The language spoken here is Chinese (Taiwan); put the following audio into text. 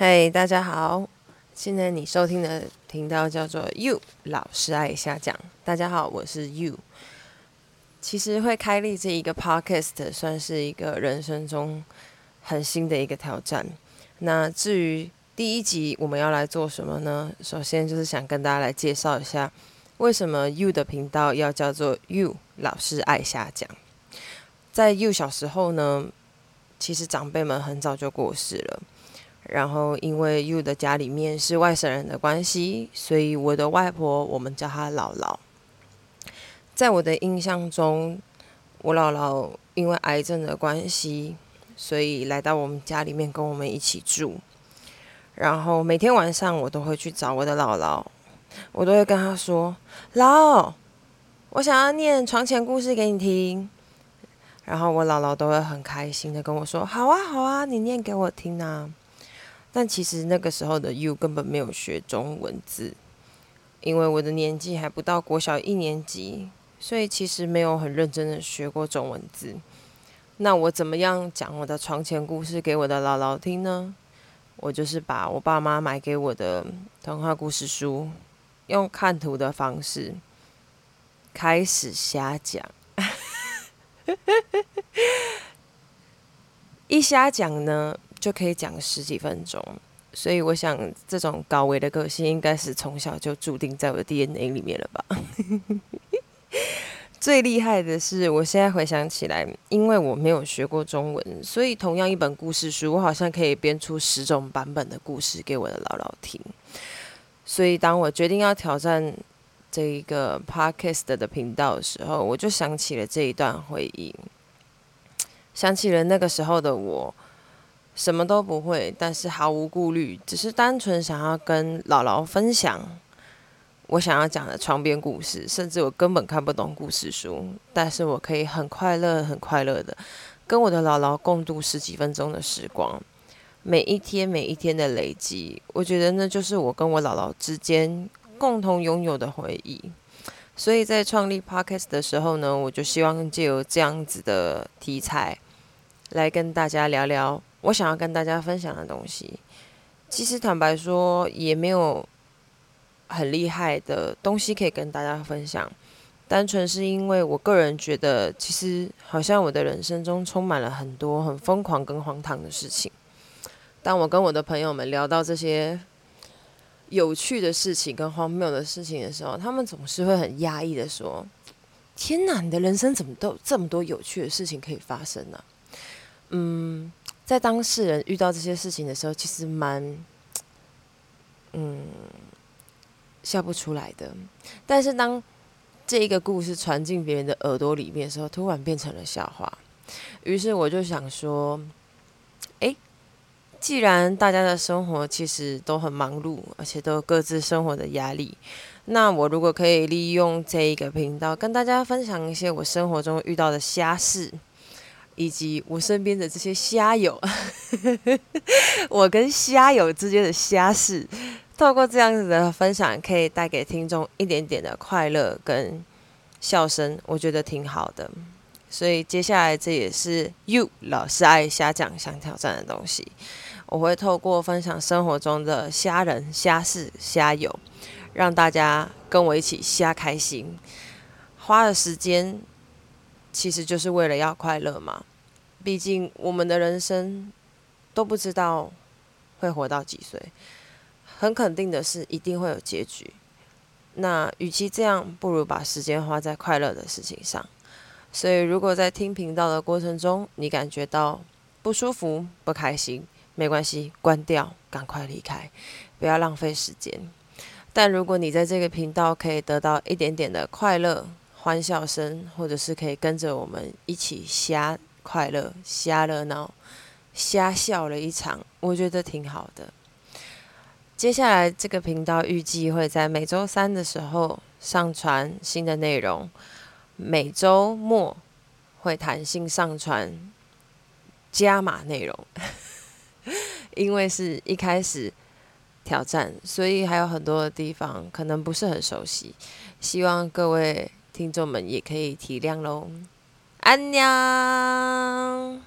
嗨，hey, 大家好！現在你收聽的頻道叫做 “Yu 姥是愛蝦講”。大家好，我是 Yu。其實會開立這一個 podcast，算是一個人生中很新的一個挑戰。那至於第一集我們要來做什麼呢？首先就是想跟大家來介紹一下，為什麼 Yu 的頻道要叫做 “Yu 姥是愛蝦講”。在 Yu 小時候呢，其實長輩們很早就過世了。然後，因為 Yu 的家裡面是外省人的關係，所以我的外婆，我們叫她姥姥。在我的印象中，我姥姥因為癌症的關係，所以來到我們家裡面跟我們一起住。然後每天晚上，我都會去找我的姥姥，我都會跟她說：“姥姥，我想要念床前故事給你聽。”然後我姥姥都會很開心地跟我說：“好啊，好啊，你念給我聽啊。”但其實那個時候的 Yu 根本沒有學中文字，因為我的年紀還不到國小一年級，所以其實沒有很認真的學過中文字。那我怎麼樣講我的床前故事給我的姥姥聽呢？我就是把我爸媽買給我的童話故事書，用看圖的方式開始瞎講， 一瞎講呢。就可以講十幾分鐘，所以我想，這種高維的個性應該是從小就注定在我的 DNA 裡面了吧。 最厲害的是，我現在回想起來，因為我沒有學過中文，所以同樣一本故事書，我好像可以編出十種版本的故事給我的姥姥聽。所以，當我決定要挑戰這一個 Podcast 的頻道的時候，我就想起了這一段回憶，想起了那個時候的我。什麼都不會，但是毫無顧慮，只是單純想要跟姥姥分享我想要講的床邊故事。甚至我根本看不懂故事書，但是我可以很快樂、很快樂的跟我的姥姥共度十幾分鐘的時光。每一天、每一天的累積，我覺得那就是我跟我姥姥之間共同擁有的回憶。所以在創立 Podcast 的時候呢，我就希望藉由這樣子的題材來跟大家聊聊。我想要跟大家分享的東西，其實坦白說也沒有很厲害的東西可以跟大家分享。單純是因為我個人覺得，其實好像我的人生中充滿了很多很瘋狂跟荒唐的事情。當我跟我的朋友們聊到這些有趣的事情跟荒謬的事情的時候，他們總是會很訝異的說：“天哪，你的人生怎麼都有這麼多有趣的事情可以發生呢、啊？”嗯。在當事人遇到這些事情的時候，其實蠻，嗯，笑不出來的。但是當這一個故事傳進別人的耳朵裡面的時候，突然變成了笑話。於是我就想說，哎、欸，既然大家的生活其實都很忙碌，而且都各自生活的壓力，那我如果可以利用這一個頻道，跟大家分享一些我生活中遇到的瞎事。以及我身邊的這些蝦友， 我跟蝦友之間的蝦事，透過這樣子的分享，可以帶給聽眾一點點的快樂跟笑聲，我覺得挺好的。所以接下來這也是 Yu 姥是愛蝦講、想挑戰的東西，我會透過分享生活中的蝦人、蝦事、蝦友，讓大家跟我一起蝦開心，花了時間，其實就是為了要快樂嘛，畢竟我們的人生都不知道會活到幾歲，很肯定的是一定會有結局。那與其這樣，不如把時間花在快樂的事情上。所以，如果在聽頻道的過程中你感覺到不舒服、不開心，沒關係，關掉，趕快離開，不要浪費時間。但如果你在這個頻道可以得到一點點的快樂，歡笑聲，或者是可以跟着我們一起瞎快樂、瞎熱鬧、瞎笑了一場，我覺得挺好的。接下來這個頻道預計會在每週三的時候上傳新的內容，每週末會彈性上傳加碼內容， 因為是一開始挑戰，所以還有很多的地方可能不是很熟悉，希望各位。聽眾們也可以體諒嘍，安娘。